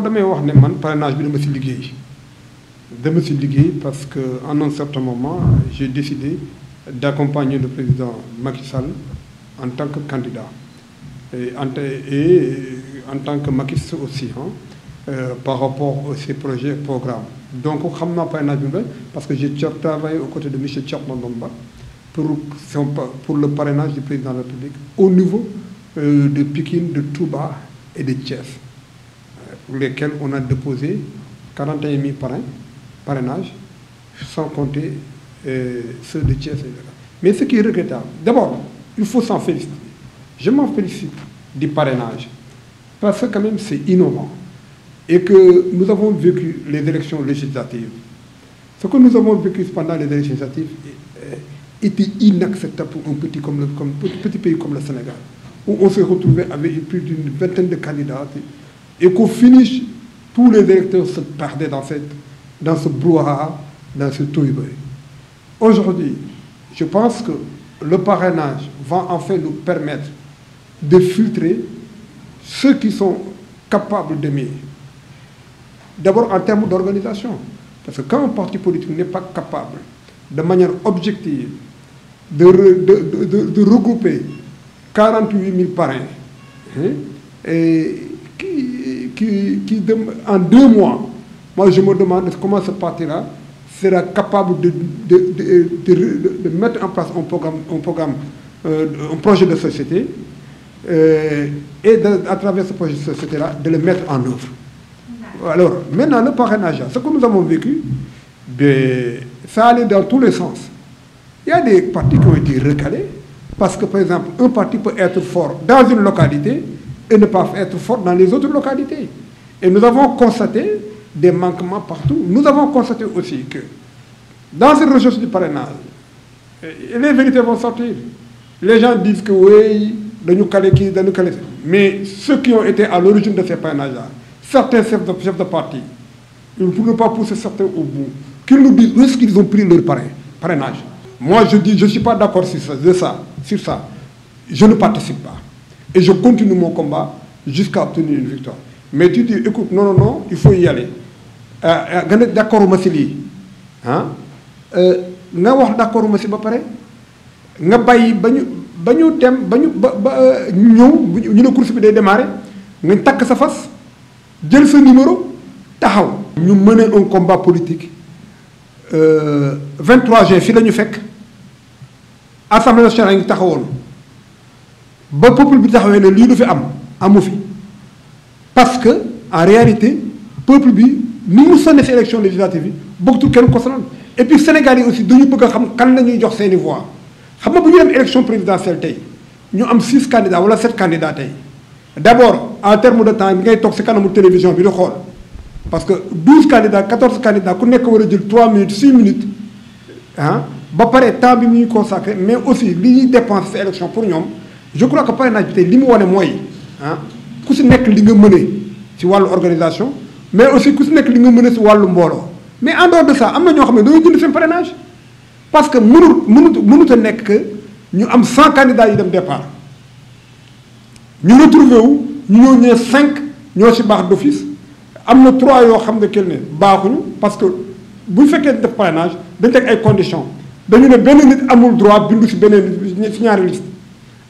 de damay wax man parrainage bi dama si dama si parce que en un certain moment j'ai décidé d'accompagner le président Macky Sall en tant que candidat et en, tant que Macky aussi hein, euh, par rapport à ses projets et programmes. Donc je pas parrainage parce que j'ai travaillé aux côtés de M. Cheikh pour pour le parrainage du président de la République au niveau euh, de Pékin, de Touba et de Thiès pour lesquels on a déposé 41 000 parrainages, sans compter euh, ceux de Thiès. Mais ce qui est regrettable, d'abord, il faut s'en féliciter. Je m'en félicite du parrainage, parce que quand même c'est innovant. Et que nous avons vécu les élections législatives. Ce que nous avons vécu pendant les élections législatives euh, était inacceptable pour un petit, petit pays comme le Sénégal, où on se retrouvait avec plus d'une vingtaine de candidats et qu'on finisse tous les électeurs se perdaient dans, cette, dans ce brouhaha, dans ce tourbillon. Aujourd'hui, je pense que le parrainage va enfin nous permettre de filtrer ceux qui sont capables d'aimer. D'abord en termes d'organisation. Parce que quand un parti politique n'est pas capable, de manière objective, de, regrouper 48 000 parrains, hein, et qui, en deux mois, moi je me demande comment ce parti-là sera capable de, mettre en place un programme, un, euh, projet de société euh, et à travers ce projet de société-là, de le mettre en œuvre. Alors, maintenant, le parrainage, ce que nous avons vécu, ben, ça allait dans tous les sens. Il y a des partis qui ont été recalés, parce que, par exemple, un parti peut être fort dans une localité, et ne pas être fort dans les autres localités. Et nous avons constaté des manquements partout. Nous avons constaté aussi que dans cette recherche du parrainage, les vérités vont sortir. Les gens disent que oui, de nous qui, de nous Mais ceux qui ont été à l'origine de ces parrainages-là, certains chefs de, parti, ils ne pouvaient pas pousser certains au bout. Qu'ils nous disent où est-ce qu'ils ont pris leur parrainage. Moi, je dis, je ne suis pas d'accord sur ça, sur ça. Je ne participe pas. Et je continue mon combat jusqu'à obtenir une victoire. Mais tu dis, écoute, non, non, non, il faut y aller. Euh, euh, d'accord, ma si hein? Euh... d'accord si ba nga nous Nous... Nous... ba numéro un combat politique 23 euh, juin si là ñu assemblée nationale ba peuple bi taxawé né li du fi am fi parce que en réalité peuple bi ni mu sonné élection législative bokku ko et puis sénégal a aussi donné bëgg xam kan lañuy jox seeni voix xam nga bu ñu élection présidentielle tay ñu am 6 candidats wala 7 candidats tay d'abord en terme de temps ngay tok ci kanamu télévision bi di xol parce que 12 candidats 14 candidats ku nekk wara jël 3 minutes 6 minutes hein ba paré temps bi mi consacrer mais aussi li ñi dépenser élections pour ñom je crois que parrainage bi tey li mu wane mooy hein? ku si nekk li nga mëne ci walu organisation mais aussi ku si nekk li nga mëne ci walu mbooloo mais en dehors de ça amna ño ñoo xam ne dañoo jënd seen parrainage parce que mënut mënut mënut a nekk que ñu am 100 candidats yi dem départ ñu retrouvé wu ñu ñëw ñëwee 5 ñoo ci baax d'office amna 3 yo xam ne kenn ne baaxuñu parce que bu fekké def parrainage dañ tek ay conditions dañu né benn nit amul droit bindu ci beneen si ñaari liste.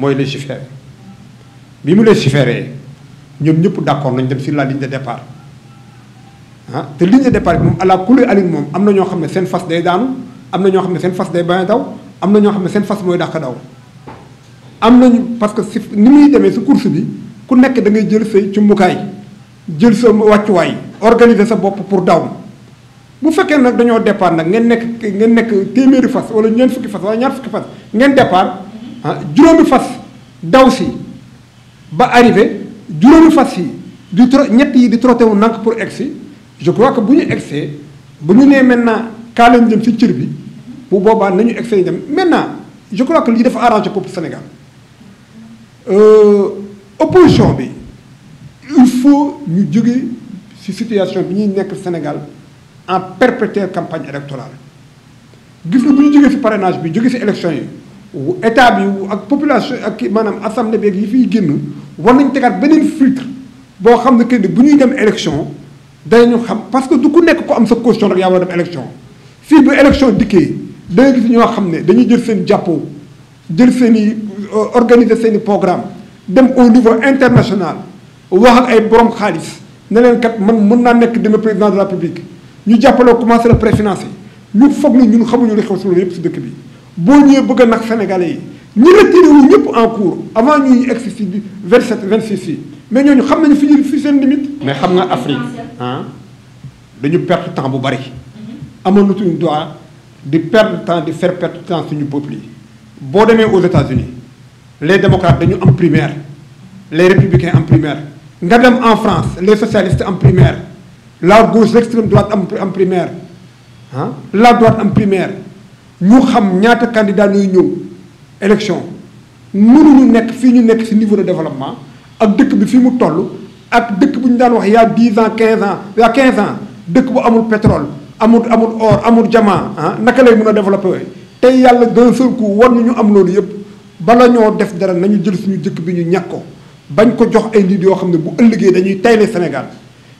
Je légiférer bi mu je ñëpp d'accord nañ dem sur la ligne de départ La ah, ligne de départ mom ala kulli alin mom day daanu amna ño xamné day bañ daw daw parce que ni muy démé si course bi ku nekk da ngay jël ci jël sa way organiser sa pour daw bu fekké nak dañoo départ nag ngeen nekk ngeen nekk wala fukki wala ñaar fukki ngeen départ ah juróomi fas daw si ba arrivé juróomi fas yi di tro ñett yi di trotté wu nank pour egg si je crois que bu ñu eggsee bu ñu nee maintenant kaa leen jëm si cër bi bu boobaa nañu egg see dem maintenant je crois que li dafa arrangé peuple Sénégal euh, opposition bi il faut ñu jóge ci situation bi ñuy nekk Sénégal en perpétuelle campagne électorale gis nga bu ñu jógee ci parrainage bi jóge ci élection yi état bi ak population ak manam assemblée beeg yi fiy génn war nañ tegaat beneen filtre bo xamne ne que ni bu dem élection day ñu xam parce que du ku nekk ko am sa caution rek yawo dem élection fii bu élection diké da nga gis ñoo xam dañuy jël seen jàppoo jël seen euh, organiser seen programme dem au niveau international wax ak ay borom xaalis ne len kat man mën naa nekk deme président de la République ñu jappalo commencer le préfinancer ñu fogg ne ñun xamuñu li xew si loolu yëpp si dëkk bi boo nous bëgg a sénégalais nous ñi retiré wu ñëpp en cours avant ñuy exercer vers cette 27 26 mais nous xam sommes fi ñu fi seen limite. mais xam en Afrique ah dañu perdre temps bu bari mm-hmm. une droit de perdre temps de faire perdre temps suñu peuple yi boo aux États-Unis les démocrates dañu en primaire les républicains en primaire nga en France les socialistes en primaire la gauche extrême droite am en primaire hein, la droite en primaire. ñu xam ñaata candidat ñuy ñëw élection mënuñu nekk fii ñu nekk ci niveau de développement ak dëkk bi fi mu toll ak dëkk bu ñu daan wax y a 10 ans 15 ans y a ans dëkk bu amul pétrole amul amul or amul diamant ah naka lay mën a développer tey yàlla d'un seul coup war ñu am loolu yëpp bala ñoo def dara nañu jël suñu dëkk bi ñu ñàkk ko bañ ko jox ay nit yoo xam ne bu ëllëgee dañuy tayle Sénégal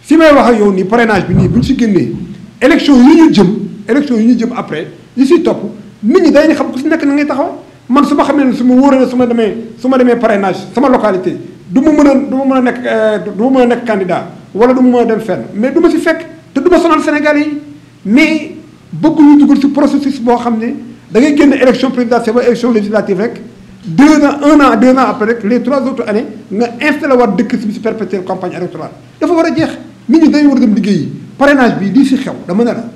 si may wax ak yow nii parenage bi nii bu ñu si génnee élection yi ñu jëm. élection yi ñu jëm après yi siy topp nit ñi dañu xam ku ci nekk na ngay taxaw man suma ma xamee ne su ma wóoree ne demee su demee parrainage sama localité du ma mën a du ma mën a nekk euh, du ma mën a nekk candidat wala du ma mën a dem fenn mais du ma si fekk te du ma sonal Sénégalais yi mais ñu dugal si processus boo xam ne da ngay génn élection présidentielle ba élection législative rek deux ans un an deux ans après rek les trois autres années nga installé waat dëkk si bi si perpétuel campagne électorale dafa war a jeex nit ñi dañu war a dem liggéeyi parrainage bi lii si xew dama ne la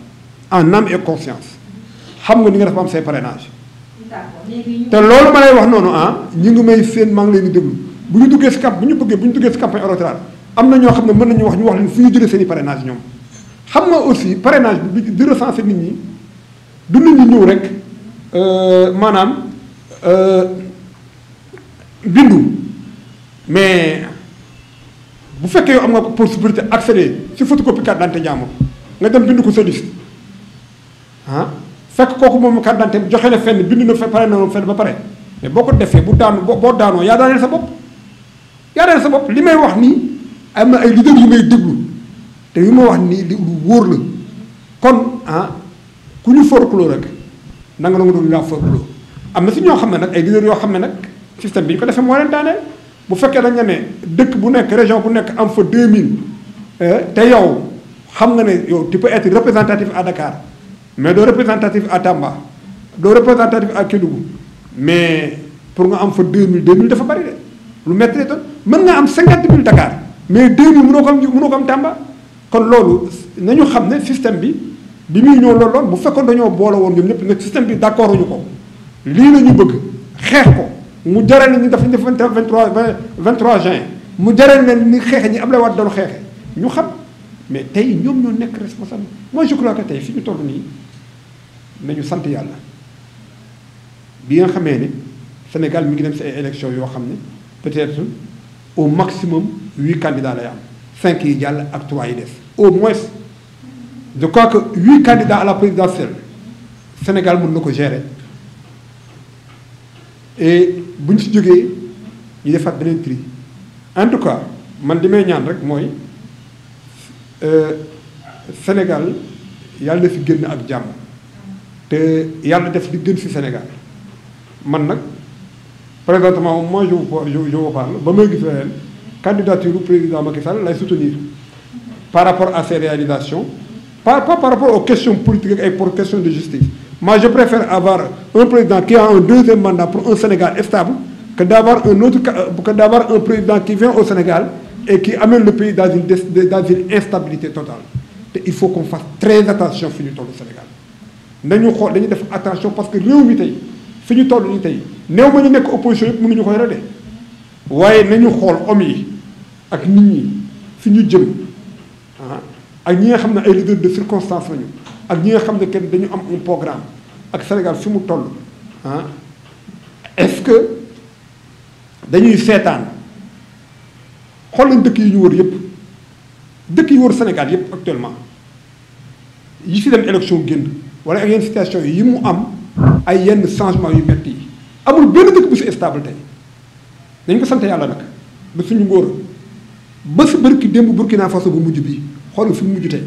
en âme et conscience xam nga ni nga dafa am say parrainage te loolu ma lay wax noonu ah ñu ngi may seen maa ngi leen di déglu bu ñu duggee si camp bu ñu bëggee bu ñu duggee si campagne électorale am na ñoo xam ne mën nañu wax ñu wax leen fu ñu jëlee seen i parrainage ñoom xam nga aussi parrainage bi di recenser nit ñi du nit ñi ñëw rek euh, maanaam euh, bindu mais bu fekkee yow am nga possibilité accéder si photocopie carte d'identité nga dem bindu ko sa liste ah fekk kooku moom carte d'identité joxe na fenn bind na fa pare na fenn ba pare mais boo ko defee bu daanu boo daanoo yaa daaneel sa bopp yaa daaneel sa bopp li may wax nii am na ay leader yu may déglu te yu ma wax nii li lu wóor la kon ah ku ñu forclos rek nanga nangu doon ñu laa forclos am na si ñoo xam ne nag ay leader yoo xam ne nag système bi ñu ko defee moo leen daaneel bu fekkee dañ nga ne dëkk bu nekk région bu nekk am fa 2000 eh, te yow xam nga ne yow tu peux être représentatif à Dakar mais doo représentatif à Tamba doo représentatif à Kédougou mais pour nga am fa 2000 2000 dafa bari de lu métti doon mën nga am 50 000 Dakar mais 2000 mënoo ko am mënoo ko am Tamba kon loolu na ñu xam ne système bi bi muy ñëw lool lool bu fekkoon dañoo boole woon ñoom ñëpp nag système bi d' ñu ko lii la ñu bëgg xeex ko mu jaree nañ ñu daf ñu def 23 23 juin mu jaral leen ni xeex ñi Abdoulaye Wade doon xeexe ñu xam. mais nous sommes responsables. moi je crois que si nous sommes tollu ni mais ñu sante yalla bi nga xamé ni sénégal mi ngi dem élection peut-être au maximum 8 candidats 5 yi à 3 yi au moins je crois que 8 candidats à la présidentielle sénégal mën nako gérer et buñ ci joggé ñu defat benen tri en tout cas man dimay ñaan rek moy euh, Sénégal il y fi génn ak jàmm Il y a des Sénégal Maintenant, présentement moi je vous parle candidature du président Macky Sall la soutenir par rapport à ses réalisations pas par rapport aux questions politiques et pour questions de justice moi je préfère avoir un président qui a un deuxième mandat pour un Sénégal stable que d'avoir un autre que d'avoir un président qui vient au Sénégal et qui amène le pays dans une, instabilité totale il faut qu'on fasse très attention fini au Sénégal Nous nous attention parce que nous sommes attention. nous opposition attention. Nous waye nañu xol homme ak nit de circonstance ak un programme ak Sénégal nous ah, est-ce que dañuy ans? xool nañ dëkk yi ñu wër yëpp dëkk yi wër Sénégal yëpp actuellement yi fi dem élection génn wala ak yenn situation yi mu am ay yenn changement yu metti yi amul benn dëkk bu si stable tey dañ ko sant yàlla nag ba suñu ngóor ba si bërki démb Burkina Faso bu mujj bi xool fi mu mujj tey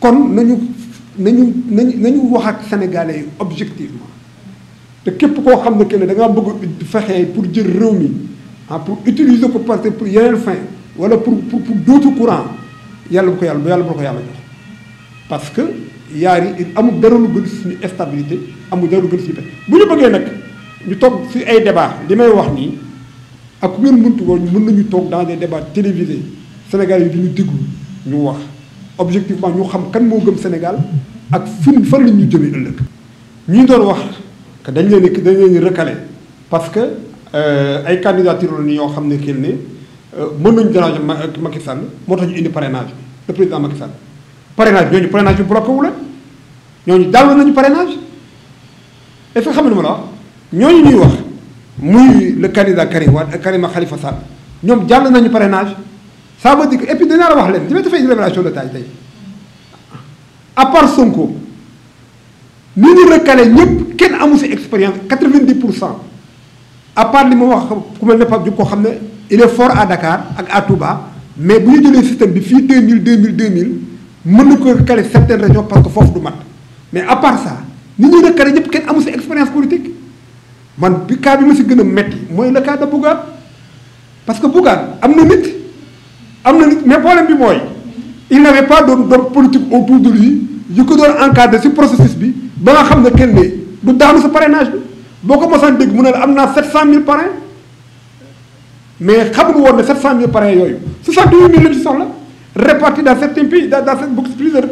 kon nañu nañu nañu nañu wax ak sénégalais yi objectivement te képp koo xam ne que ne da ngaa bëgg fexe pour jël réew mi. ah pour utiliser pour partir pour pour aller fin wala pour pour pour d'autres courants yàlla bu ko yàlla yàlla bu ko yàlla jox parce que a amul dara lu gën suñu stabilité amul dara lu gën suñu bu ñu bëggee nag ñu toog si ay débat li may wax nii ak ku ngeen nous woon mën nañu dans des débats télévisés Sénégal yi di ñu déglu ñu wax objectivement ñu xam kan moo gëm Sénégal ak fin fan la ñu jëmee ëllëg. ñi doon wax que dañ leen dañ leen recalé parce que. Euh, ay candidature la ni yoo xam ne kii ne euh, mën nañu déranger Macky Sall moo tax ñu indi parrainage le président Macky Sall parrainage ñooñu parrainage bi bloqué wu la ñooñu dàll nañu parrainage est-ce que xam nga ma la wax ñooñu ñuy wax muy le candidat Karim Wade ak Karima Khalifa Sall ñoom jàll nañu parrainage ça veut dire que et puis la wax leen dina dafay révélation de taille tey à part Sonko ni ñëpp kenn amu si expérience 90 pour cent. à part ni mo wax ku mel ne Pape Diouf il est fort à Dakar ak à Touba mais bu ñu jëlee système bi fi 2000 2000 2000 mënu ko certaines régions parce que fofu du mat mais à part ça nit ñuy recalé ñep kenn amu si expérience politique man bi cas bi ma ci gëna a moy le cas de Bougane parce que Bougane am na nit am na nit mais problème bi moy il n'avait pas de politique politique autour de lui yu ko doon encadré ce processus bi ba nga xam kenn ne du daanu sa parrainage vous avez mosaan dégg mu ne la 700 700000 parrains mais vous avez ne 700000 parrains yooyu 68000 lañ ci soxla répartis dans certains pays dans dans plusieurs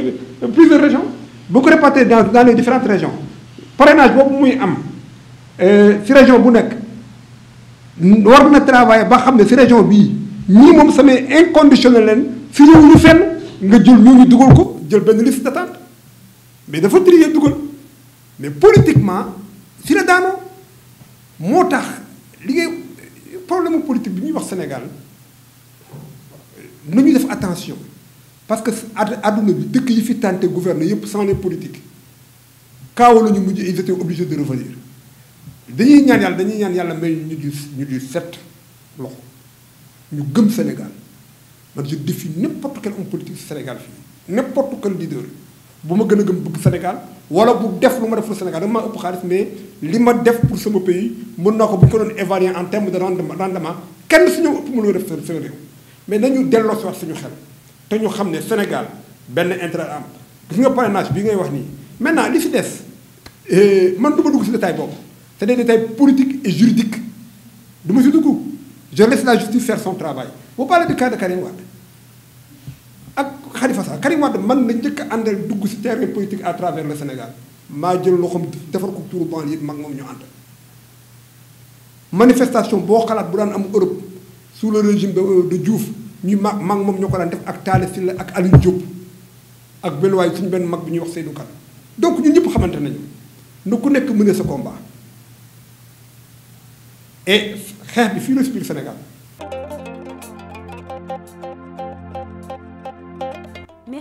plusieurs régions Beaucoup réparties dans dans les différentes régions parrainage boobu muy am ci euh, région bu nekk war na travailler ba xam ne région bii ñii moom inconditionnel si fi ñu ñu fenn nga jël ñooñu ko jël liste d'attente mais dafa trier mais politiquement. Si les dames moo problème politique bi Sénégal nous attention parce que bi yi sans les politiques ils étaient obligés de revenir dañuy ñaan yàlla dañuy ñaan yàlla may ñu di ñu di Sénégal je défie n'importe quel homme politique Sénégal n'importe quel leader bu ma Sénégal wala bu def lu def pour Sénégal dama ëpp xaalis mais li ma def pour sama pays mën ne ko bu ko évaluer en terme de rendement rendement kenn suñu ëpp def seen seen réew mais nañu delloo si wax suñu xel ñu Sénégal am nga bi ngay wax maintenant li des eh, man du dugg détail c'est des détails politiques et juridiques du dugg je laisse la justice faire son travail vous parlez du cas de Karim Wade Khalifa Sall Karim Wade man na jëkk a àndal dugg si terrain politique à travers le Sénégal maa jël loxoom defar ko turu banlieue yëpp mag moom ñu ànd. boo xalaat bu daan am Europe sous le régime de euh, Diouf ñuy moom ñoo ko daan def ak Talla Sylla ak Alioune Diop ak benn waay suñu benn mag bu ñuy wax seenu Kane donc ñun ñëpp xamante nañu ne ku nekk mëne sa combat xeex bi fii la si biir Sénégal.